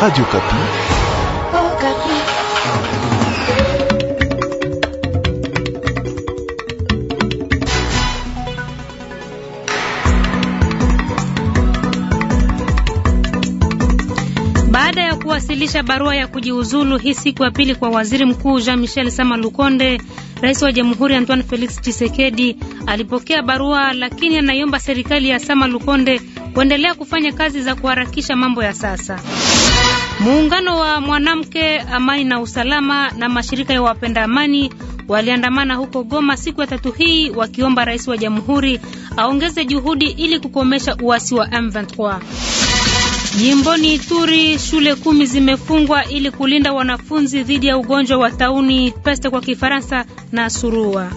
Radio Kapi. Oh, Kapi. Baada ya kuwasilisha barua ya kujiuzulu hii siku ya pili kwa Waziri Mkuu Jean Michel Sama Lukonde, Rais wa Jamhuri Antoine Felix Tshisekedi alipokea barua, lakini anaiomba serikali ya Sama Lukonde kuendelea kufanya kazi za kuharakisha mambo ya sasa. Muungano wa mwanamke amani na usalama na mashirika ya wapenda amani waliandamana huko Goma siku ya tatu hii wakiomba rais wa jamhuri aongeze juhudi ili kukomesha uasi wa M23. Jimboni Ituri, shule kumi zimefungwa ili kulinda wanafunzi dhidi ya ugonjwa wa tauni peste kwa Kifaransa na surua.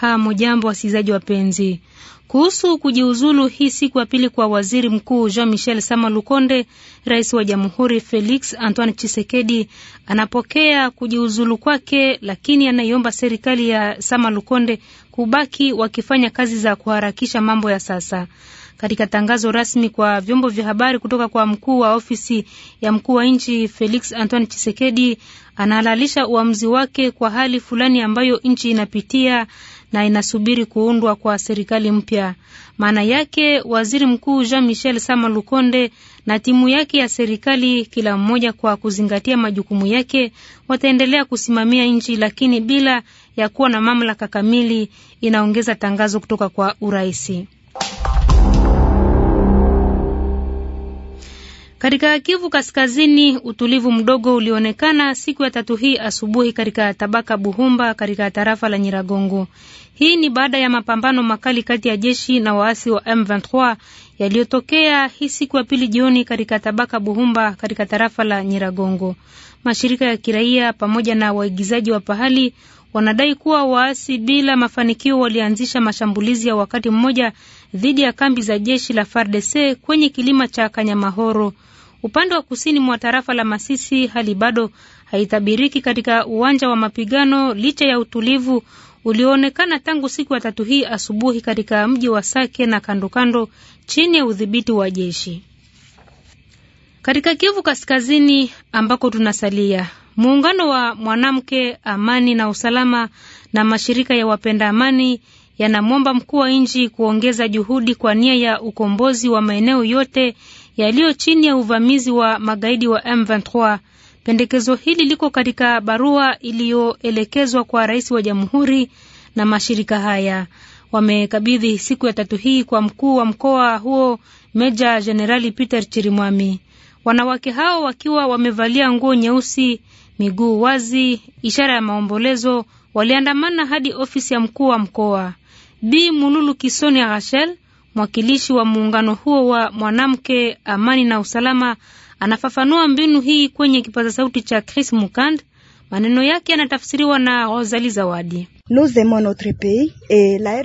Hamujambo wasikilizaji wapenzi. Kuhusu kujiuzulu hii siku ya pili kwa waziri mkuu Jean Michel Sama Lukonde, rais wa jamhuri Felix Antoine Chisekedi anapokea kujiuzulu kwake, lakini anaiomba serikali ya Sama Lukonde kubaki wakifanya kazi za kuharakisha mambo ya sasa. Katika tangazo rasmi kwa vyombo vya habari kutoka kwa mkuu wa ofisi ya mkuu wa nchi Felix Antoine chisekedi anahalalisha uamuzi wake kwa hali fulani ambayo nchi inapitia na inasubiri kuundwa kwa serikali mpya. Maana yake waziri mkuu Jean Michel Sama Lukonde na timu yake ya serikali, kila mmoja kwa kuzingatia majukumu yake, wataendelea kusimamia nchi, lakini bila ya kuwa na mamlaka kamili, inaongeza tangazo kutoka kwa uraisi. Katika Kivu Kaskazini, utulivu mdogo ulionekana siku ya tatu hii asubuhi katika tabaka Buhumba katika tarafa la Nyiragongo. Hii ni baada ya mapambano makali kati ya jeshi na waasi wa M23 yaliyotokea hii siku ya pili jioni katika tabaka Buhumba katika tarafa la Nyiragongo. Mashirika ya kiraia pamoja na waigizaji wa pahali wanadai kuwa waasi bila mafanikio walianzisha mashambulizi ya wakati mmoja dhidi ya kambi za jeshi la FARDC kwenye kilima cha Kanyamahoro. Upande wa kusini mwa tarafa la Masisi, hali bado haitabiriki katika uwanja wa mapigano licha ya utulivu ulioonekana tangu siku ya tatu hii asubuhi katika mji wa Sake na kandokando chini ya udhibiti wa jeshi. Katika Kivu Kaskazini ambako tunasalia, muungano wa mwanamke amani na usalama na mashirika ya wapenda amani yanamwomba mkuu wa nchi kuongeza juhudi kwa nia ya ukombozi wa maeneo yote yaliyo chini ya uvamizi wa magaidi wa M23. Pendekezo hili liko katika barua iliyoelekezwa kwa rais wa jamhuri na mashirika haya. Wamekabidhi siku ya tatu hii kwa mkuu wa mkoa huo Meja Jenerali Peter Chirimwami. Wanawake hao wakiwa wamevalia nguo nyeusi, miguu wazi, ishara ya maombolezo, waliandamana hadi ofisi ya mkuu wa mkoa. Bi Mululu Kisoni Rachel, mwakilishi wa muungano huo wa mwanamke, amani na usalama, anafafanua mbinu hii kwenye kipaza sauti cha Chris Mukand. Maneno yake yanatafsiriwa na Rosali Zawadi.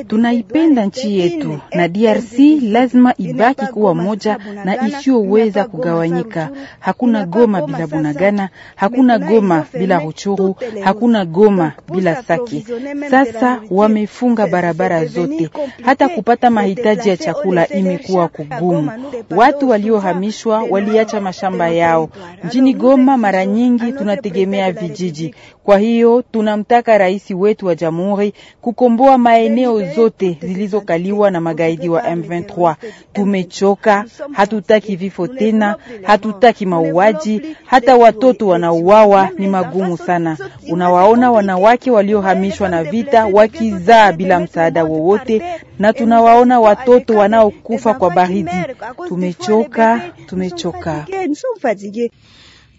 Tunaipenda nchi yetu na DRC lazima ibaki kuwa moja na isiyoweza kugawanyika. Hakuna Goma bila Bunagana, hakuna Goma bila Ruchuru, hakuna Goma bila Sake. Sasa wamefunga barabara zote, hata kupata mahitaji ya chakula imekuwa kugumu. Watu waliohamishwa waliacha mashamba yao. Mjini Goma mara nyingi tunategemea vijiji. Kwa hiyo tunamtaka rais wetu wa jamhuri kukomboa maeneo zote zilizokaliwa na magaidi wa M23. Tumechoka, hatutaki vifo tena, hatutaki mauaji, hata watoto wanauawa, ni magumu sana. Unawaona wanawake waliohamishwa na vita wakizaa bila msaada wowote, na tunawaona watoto wanaokufa kwa baridi. Tumechoka, tumechoka.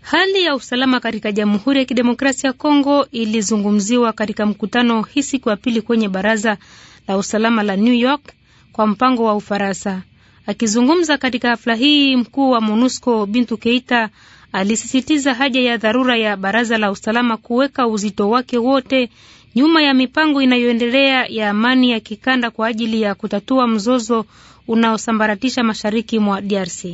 Hali ya usalama katika Jamhuri ya Kidemokrasia ya Kongo ilizungumziwa katika mkutano hii siku ya pili kwenye Baraza la Usalama la New York kwa mpango wa Ufaransa. Akizungumza katika hafla hii, mkuu wa MONUSCO Bintu Keita alisisitiza haja ya dharura ya Baraza la Usalama kuweka uzito wake wote nyuma ya mipango inayoendelea ya amani ya kikanda kwa ajili ya kutatua mzozo unaosambaratisha mashariki mwa DRC.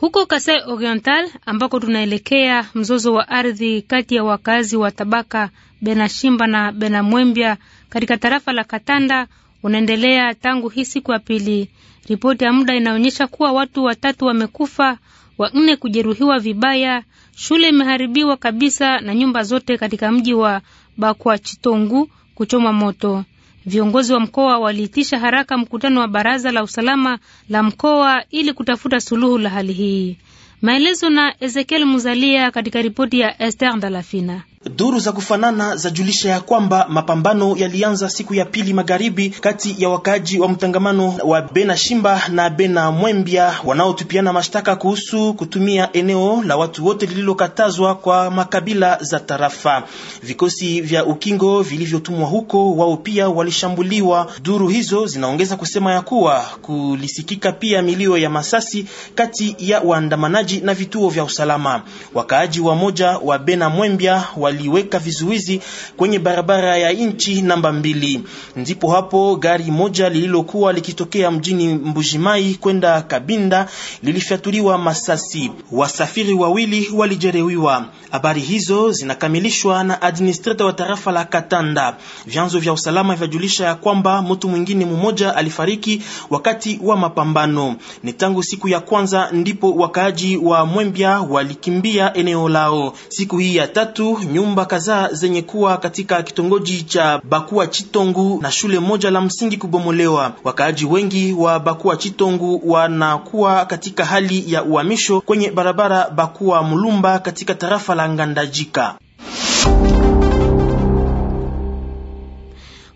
Huko Kasai Oriental ambako tunaelekea, mzozo wa ardhi kati ya wakazi wa tabaka Benashimba na Benamwembya katika tarafa la Katanda unaendelea tangu hii siku ya pili. Ripoti ya muda inaonyesha kuwa watu watatu wamekufa, wanne kujeruhiwa vibaya, shule imeharibiwa kabisa na nyumba zote katika mji wa Bakwa Chitongu kuchoma moto. Viongozi wa mkoa waliitisha haraka mkutano wa baraza la usalama la mkoa ili kutafuta suluhu la hali hii. Maelezo na Ezekiel Muzalia katika ripoti ya Esther Ndalafina. Duru za kufanana zajulisha ya kwamba mapambano yalianza siku ya pili magharibi kati ya wakaaji wa mtangamano wa Bena Shimba na Bena Mwembia wanaotupiana mashtaka kuhusu kutumia eneo la watu wote lililokatazwa kwa makabila za tarafa. Vikosi vya ukingo vilivyotumwa huko wao pia walishambuliwa. Duru hizo zinaongeza kusema ya kuwa kulisikika pia milio ya masasi kati ya waandamanaji na vituo vya usalama. Wakaaji wa moja wa Bena Mwembia wa waliweka vizuizi kwenye barabara ya nchi namba mbili. Ndipo hapo gari moja lililokuwa likitokea mjini Mbujimai kwenda Kabinda lilifyatuliwa masasi, wasafiri wawili walijeruhiwa. Habari hizo zinakamilishwa na administrator wa tarafa la Katanda. Vyanzo vya usalama vyajulisha ya kwamba mtu mwingine mmoja alifariki wakati wa mapambano. Ni tangu siku ya kwanza ndipo wakaaji wa Mwembya walikimbia eneo lao. Siku hii ya tatu nyumba kadhaa zenye kuwa katika kitongoji cha Bakua Chitongu na shule moja la msingi kubomolewa. Wakaaji wengi wa Bakua Chitongu wanakuwa katika hali ya uhamisho kwenye barabara Bakua Mulumba katika tarafa la Ngandajika.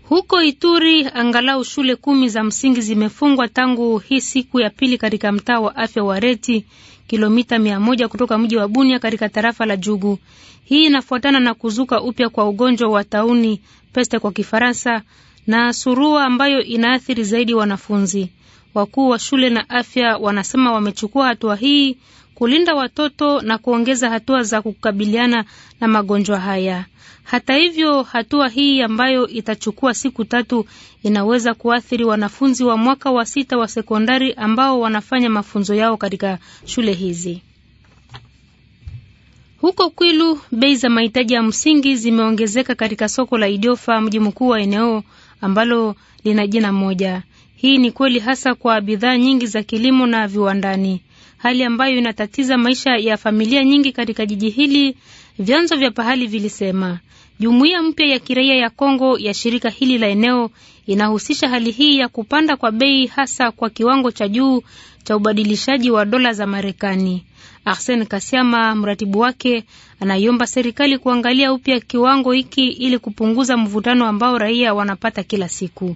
Huko Ituri angalau shule kumi za msingi zimefungwa tangu hii siku ya pili katika mtaa wa afya wa Reti kilomita mia moja kutoka mji wa Bunia katika tarafa la Jugu. Hii inafuatana na kuzuka upya kwa ugonjwa wa tauni peste kwa Kifaransa na surua ambayo inaathiri zaidi wanafunzi. Wakuu wa shule na afya wanasema wamechukua hatua hii kulinda watoto na kuongeza hatua za kukabiliana na magonjwa haya. Hata hivyo, hatua hii ambayo itachukua siku tatu inaweza kuathiri wanafunzi wa mwaka wa sita wa sekondari ambao wanafanya mafunzo yao katika shule hizi. Huko Kwilu, bei za mahitaji ya msingi zimeongezeka katika soko la Idiofa, mji mkuu wa eneo ambalo lina jina moja. Hii ni kweli hasa kwa bidhaa nyingi za kilimo na viwandani hali ambayo inatatiza maisha ya familia nyingi katika jiji hili, vyanzo vya pahali vilisema. Jumuiya mpya ya kiraia ya Kongo ya shirika hili la eneo inahusisha hali hii ya kupanda kwa bei, hasa kwa kiwango cha juu cha ubadilishaji wa dola za Marekani. Arsen Kasiama, mratibu wake, anaiomba serikali kuangalia upya kiwango hiki ili kupunguza mvutano ambao raia wanapata kila siku.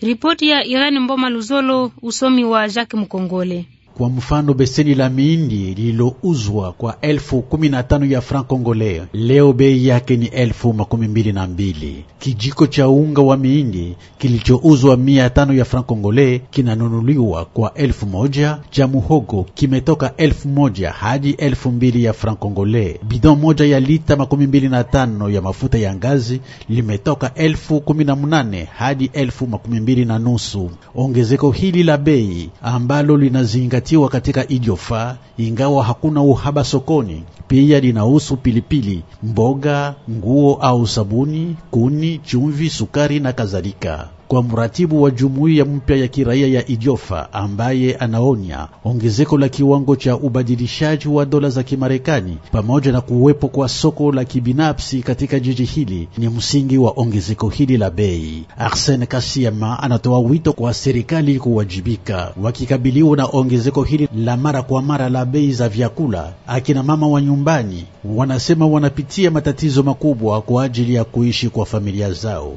Ripoti ya Irani Mboma Luzolo, usomi wa Jacques Mkongole. Kwa mfano beseni la miindi lililouzwa kwa elfu kumi na tano ya franc congolais leo bei yake ni elfu makumi mbili na mbili. Kijiko cha unga wa miindi kilichouzwa mia tano ya franc congolais kinanunuliwa kwa elfu moja. Cha muhogo kimetoka elfu moja hadi elfu mbili ya franc congolais. Bidon moja ya lita makumi mbili na tano ya mafuta ya ngazi limetoka elfu kumi na munane hadi elfu makumi mbili na nusu. Ongezeko hili la bei ambalo linazinga limezingatiwa katika Ijofa, ingawa hakuna uhaba sokoni. Pia linahusu pilipili, mboga, nguo au sabuni, kuni, chumvi, sukari na kadhalika kwa mratibu wa jumuiya mpya ya kiraia ya Idiofa ambaye anaonya ongezeko la kiwango cha ubadilishaji wa dola za Kimarekani pamoja na kuwepo kwa soko la kibinafsi katika jiji hili ni msingi wa ongezeko hili la bei. Arsene Kasiema anatoa wito kwa serikali kuwajibika wakikabiliwa na ongezeko hili la mara kwa mara la bei za vyakula. Akina mama wa nyumbani wanasema wanapitia matatizo makubwa kwa ajili ya kuishi kwa familia zao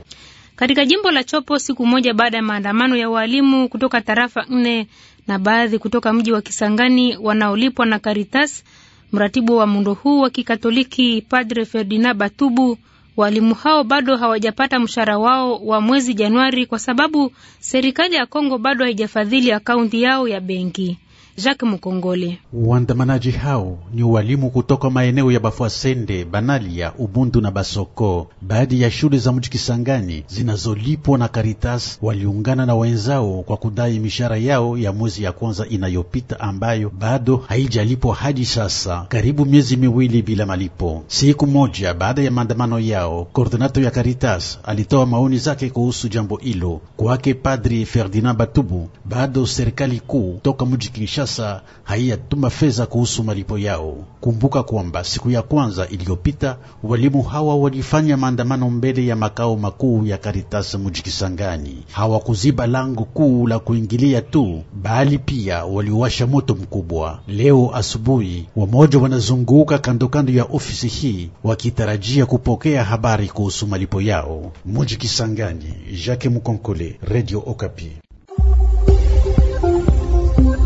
katika jimbo la Chopo siku moja baada ya maandamano ya walimu kutoka tarafa nne na baadhi kutoka mji wa Kisangani wanaolipwa na Caritas. Mratibu wa muundo huu wa Kikatoliki Padre Ferdinand Batubu, walimu hao bado hawajapata mshahara wao wa mwezi Januari kwa sababu serikali ya Kongo bado haijafadhili akaunti yao ya benki. Jacques Mukongole. Waandamanaji hao ni walimu kutoka maeneo ya Bafwasende, Banalia, Ubundu na Basoko. Baadhi ya shule za mji Kisangani zinazolipwa na Caritas waliungana na wenzao kwa kudai mishahara yao ya mwezi ya kwanza inayopita ambayo bado haijalipwa hadi sasa, karibu miezi miwili bila malipo. Siku moja baada ya maandamano yao, koordinato ya Caritas alitoa maoni zake kuhusu jambo hilo. Kwake Padri Ferdinand Batubu, bado serikali kuu toka mji Kinshasa sasa haiyatuma fedha kuhusu malipo yao. Kumbuka kwamba siku ya kwanza iliyopita walimu hawa walifanya maandamano mbele ya makao makuu ya Caritas kisangani Hawakuziba lango kuu la kuingilia tu, bali pia waliwasha moto mkubwa. Leo asubuhi, wamoja wanazunguka kandokando ya ofisi hii wakitarajia kupokea habari kuhusu malipo yao. Mujikisangani, Jacques Mukonkole, Radio Okapi.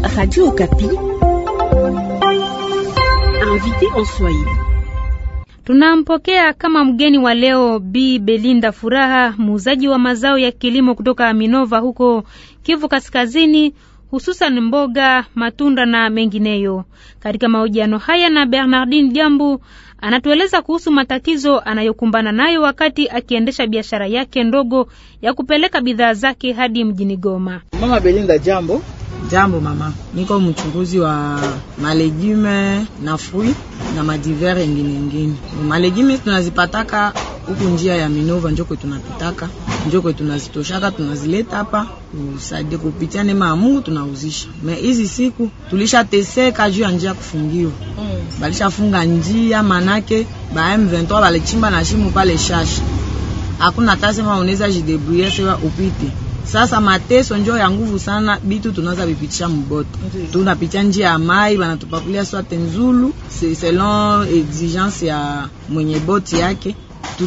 Radio Okapi. Invité en Swahili. Tunampokea kama mgeni wa leo Bi Belinda Furaha, muuzaji wa mazao ya kilimo kutoka minova huko Kivu Kaskazini, hususan mboga, matunda na mengineyo. Katika mahojiano haya na Bernardine Jambu, anatueleza kuhusu matatizo anayokumbana nayo wakati akiendesha biashara yake ndogo ya kupeleka bidhaa zake hadi mjini Goma. Mama Belinda, jambo. Jambo mama, niko mchunguzi wa malegume na fruit na madivere ingine ingine. Malegume tunazipataka huku njia ya Minova, njoko tunapitaka, njoko tunazitoshaka, tunazileta hapa usaidie kupitia neema ya Mungu, tunauzisha. Me hizi siku tulishateseka juu ya njia kufungiwa, mm. balishafunga njia, manake ba M23 balichimba na shimo pale shashi, hakuna tasema unaweza jidebrouiller upite sasa mateso njo ya nguvu sana, bitu tunaza bipitisha muboto, tunapitia njia ya mai, banatupakulia swate nzulu selon exigence ya mwenye boti yake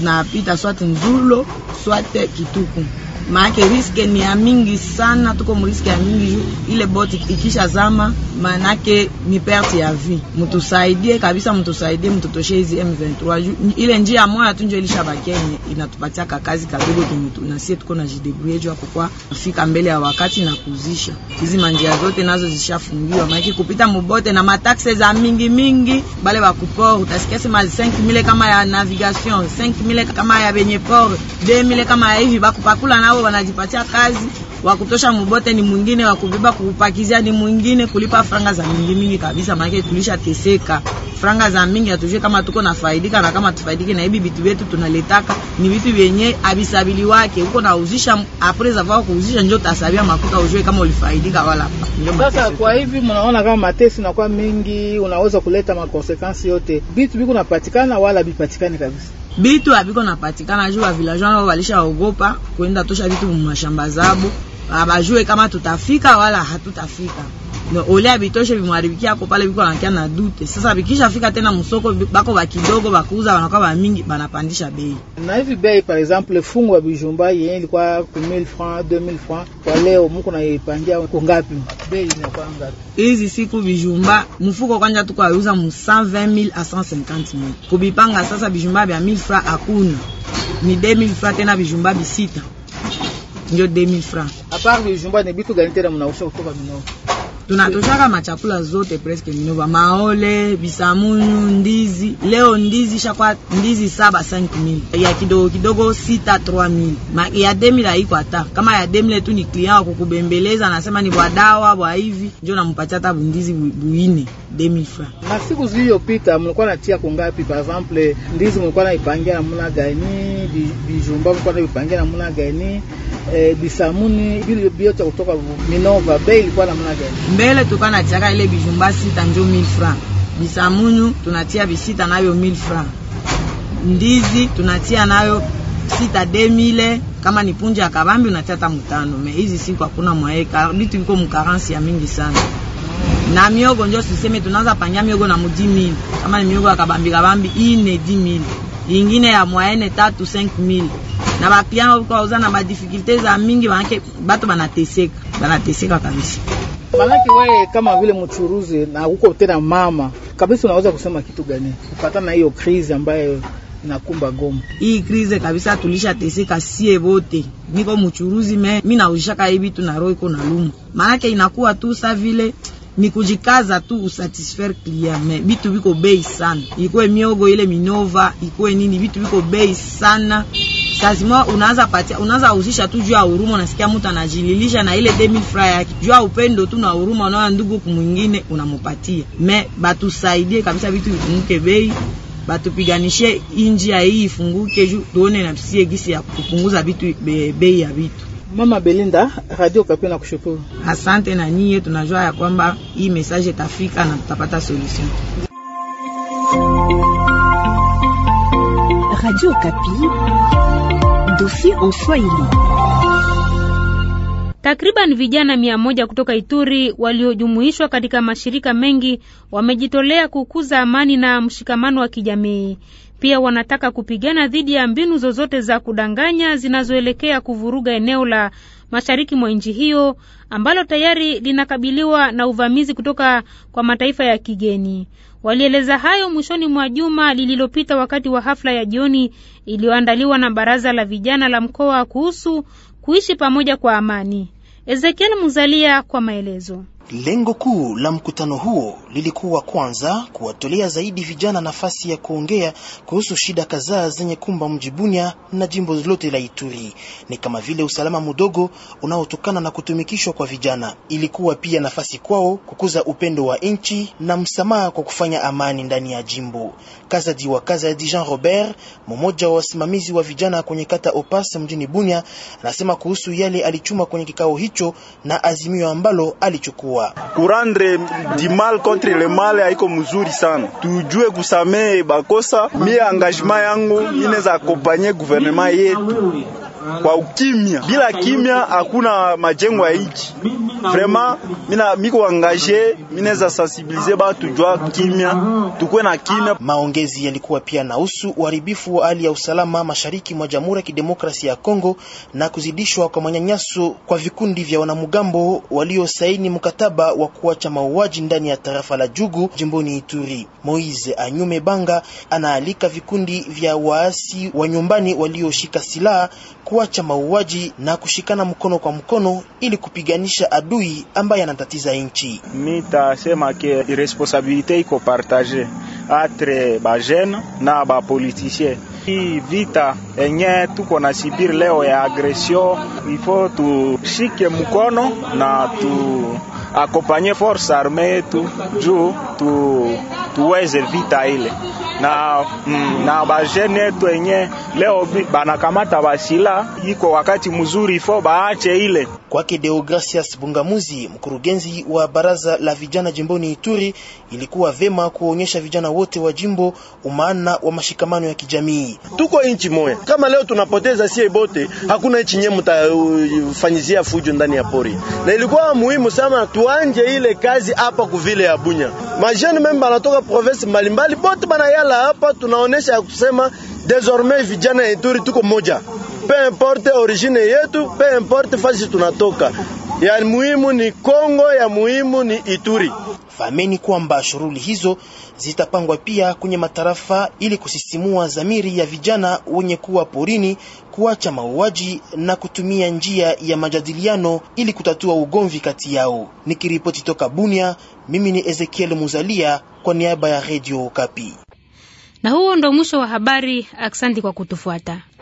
tunapita swate nzulo swate kituku maanake riske ni ya mingi sana, tuko mriske ya mingi. Ile boti ikisha zama, maanake ni perte ya vie. Mtusaidie kabisa, mtusaidie, mtutoshe hizi M23. Ile njia moja tu ndio ilishabakia inatupatia kakazi kadogo kenye na sisi tuko na jidebrouiller juu kwa kufika mbele ya wakati na kuzisha hizi manjia zote, nazo zishafungiwa maanake kupita mbote na mataxe za mingi mingi, bale bakupor utasikia sema 5000 kama ya navigation mile kama ya benye poro de mile kama ya hivi bakupakula, nao wanajipatia kazi wakutosha. Mubote ni mwingine, wakubiba kupakizia ni mwingine, kulipa franga za mingi mingi kabisa, maana tulisha teseka franga za mingi, hatujui kama tuko na faidika na kama tufaidike na hivi vitu vyetu tunaletaka ni vitu vyenye abisabili wake huko na uzisha apreza avoir kuuzisha ndio tasabia makuta ujue kama ulifaidika wala sasa. Kwa hivi mnaona kama matesi na kwa mingi unaweza kuleta makonsekansi yote, vitu viko napatikana wala bipatikani kabisa bitu abiko napatikana juu wavilajoa nao ogopa kwenda tosha vitu mumashamba zabo, abajue kama tutafika wala hatutafika olea vitosho vimwaribikia ako pale, viko anakia na dute. Sasa fika tena msoko, bako bakidogo bakuuza, wanakuwa bamingi, banapandisha bei na hivi bei. Par exemple fungu ya bijumba yenye ilikuwa 1000 francs 2000 francs kwa leo mko naipangia kwa ngapi? bei inakuwa ngapi hizi siku bijumba? Mfuko kwanza tuko auza mu 120000 a 150000 kubipanga. Sasa bijumba vya 1000 francs hakuna, ni 2000 francs tena bijumba bisita ndio 2000 francs. Apart bijumba ni bitu gani tena mnausha kutoka Minova? tunatoshaka machakula zote presque Minova, maole, bisamunu, ndizi. Leo ndizi shakwa ndizi saba 5000 ya kidogo kidogo sita 3000 ma ya 2000 haiko hata kama ya 2000 tu ni client wa kukubembeleza, anasema ni bwa dawa bwa hivi, ndio nampatia hata bundizi buine 2000 francs. Masiku zilizopita mlikuwa natia kungapi? Par exemple ndizi mlikuwa naipangia namna gani? Bijumba mlikuwa naipangia namna gani? Eh, bisamuni vile vyote kutoka Minova bei ilikuwa namna gani? mbele tuka natiaka ile bijumba sita njo 1000 francs, bisamunyu tunatia bisita nayo 1000 francs, ndizi tunatia nayo sita 2000 kama ni punje ya kabambi unatia hata mtano. Me hizi siku hakuna mwaeka bitu viko mkaransi ya mingi sana na miogo njo siseme, tunaanza panga miogo na mudimili, kama ni miogo ya kabambi kabambi ine dimili ingine ya mwaene tatu 5000 na bapiano kwa uza na za mingi, manake bato banateseka banateseka kabisa maanake wewe kama vile mchuruzi na uko tena mama kabisa, unaweza kusema kitu gani kufatana na hiyo krizi ambayo nakumba Goma? Hii krizi kabisa tulishateseka sie bote niko mchuruzi me mimi nauzishaka hivi tu na roho iko na lumu, manake inakuwa tu sa vile ni kujikaza tu usatisfaire client, me vitu viko bei sana, ikuwe miogo ile minova, ikuwe nini, vitu viko bei sana kazima unaanza patia unaanza uzisha tu juu ya huruma, unasikia mtu anajililisha na ile demi fra yake juu ya upendo tu na huruma unaona ndugu kumwingine unamupatia. Me batusaidie kabisa, vitu vifunguke bei, batupiganishe inji ya hii ifunguke juu tuone na tusie gisi ya kupunguza vitu be, bei ya vitu. Mama Belinda, Radio Kapi na kushukuru. Asante na nyie, tunajua ya kwamba hii message itafika na tutapata solution. Radio Kapi, dossier en Swahili. Takriban vijana mia moja kutoka Ituri waliojumuishwa katika mashirika mengi wamejitolea kukuza amani na mshikamano wa kijamii. Pia wanataka kupigana dhidi ya mbinu zozote za kudanganya zinazoelekea kuvuruga eneo la mashariki mwa nchi hiyo ambalo tayari linakabiliwa na uvamizi kutoka kwa mataifa ya kigeni. Walieleza hayo mwishoni mwa juma lililopita wakati wa hafla ya jioni iliyoandaliwa na baraza la vijana la mkoa kuhusu kuishi pamoja kwa amani. Ezekiel Muzalia kwa maelezo. Lengo kuu la mkutano huo lilikuwa kwanza kuwatolea zaidi vijana nafasi ya kuongea kuhusu shida kadhaa zenye kumba mji Bunia na jimbo lote la Ituri, ni kama vile usalama mdogo unaotokana na kutumikishwa kwa vijana. Ilikuwa pia nafasi kwao kukuza upendo wa nchi na msamaha kwa kufanya amani ndani ya jimbo. Kazadi wa Kazadi Jean Robert, mmoja wa wasimamizi wa vijana kwenye kata Opas mjini Bunia, anasema kuhusu yale alichuma kwenye kikao hicho na azimio ambalo alichukua sawa. Kurandre di mal contre le mal haiko mzuri sana, tujue kusamehe bakosa. Mie engagement yangu ineza akompanye guvernema yetu kwa ukimya. Bila kimya hakuna majengo ya nchi vraiment mina miko angaje minaweza sensibilize batu jua kimya, tukue na kimya. Ah. Maongezi yalikuwa pia nahusu uharibifu wa hali ya usalama mashariki mwa Jamhuri ya Kidemokrasia ya Kongo na kuzidishwa kwa manyanyaso kwa vikundi vya wanamgambo waliosaini mkataba wa kuacha mauaji ndani ya tarafa la Jugu jimboni Ituri. Moise Anyume Banga anaalika vikundi vya waasi wa nyumbani walioshika silaha kuacha mauaji na kushikana mkono kwa mkono ili kupiganisha adu adui ambaye anatatiza nchi. Mitasema ke responsabilite iko partage entre bajene na bapolitisien. Hii vita enye tuko na sibiri leo ya agresio, ifo tushike mkono na tu akopanye force arme yetu juu tu, tuweze vita ile na, mm, na bajene yetu enye leo banakamata basila, iko wakati mzuri ifo baache ile. Kwake Deogracias Bungamuzi, mkurugenzi wa baraza la vijana jimboni Ituri, ilikuwa vema kuonyesha vijana wote wa jimbo umaana wa mashikamano ya kijamii. Tuko inchi moja, kama leo tunapoteza sie bote, hakuna inchi nye mutafanyizia fujo ndani ya pori, na ilikuwa muhimu sana tu tuanje ile kazi hapa kuvile ya Bunya. Majeni meme banatoka province mbalimbali bote banayala hapa, tunaonesha ya kusema desormais vijana ya Ituri tuko moja, pe importe origine yetu, pe importe fasi tunatoka ya muhimu ni Kongo, ya muhimu ni Ituri. Fameni kwamba shughuli hizo zitapangwa pia kwenye matarafa ili kusisimua dhamiri ya vijana wenye kuwa porini kuacha mauaji na kutumia njia ya majadiliano ili kutatua ugomvi kati yao. Nikiripoti toka Bunia, mimi ni Ezekiel Muzalia kwa niaba ya Radio Kapi. Na huo ndo mwisho wa habari. Aksanti kwa kutufuata.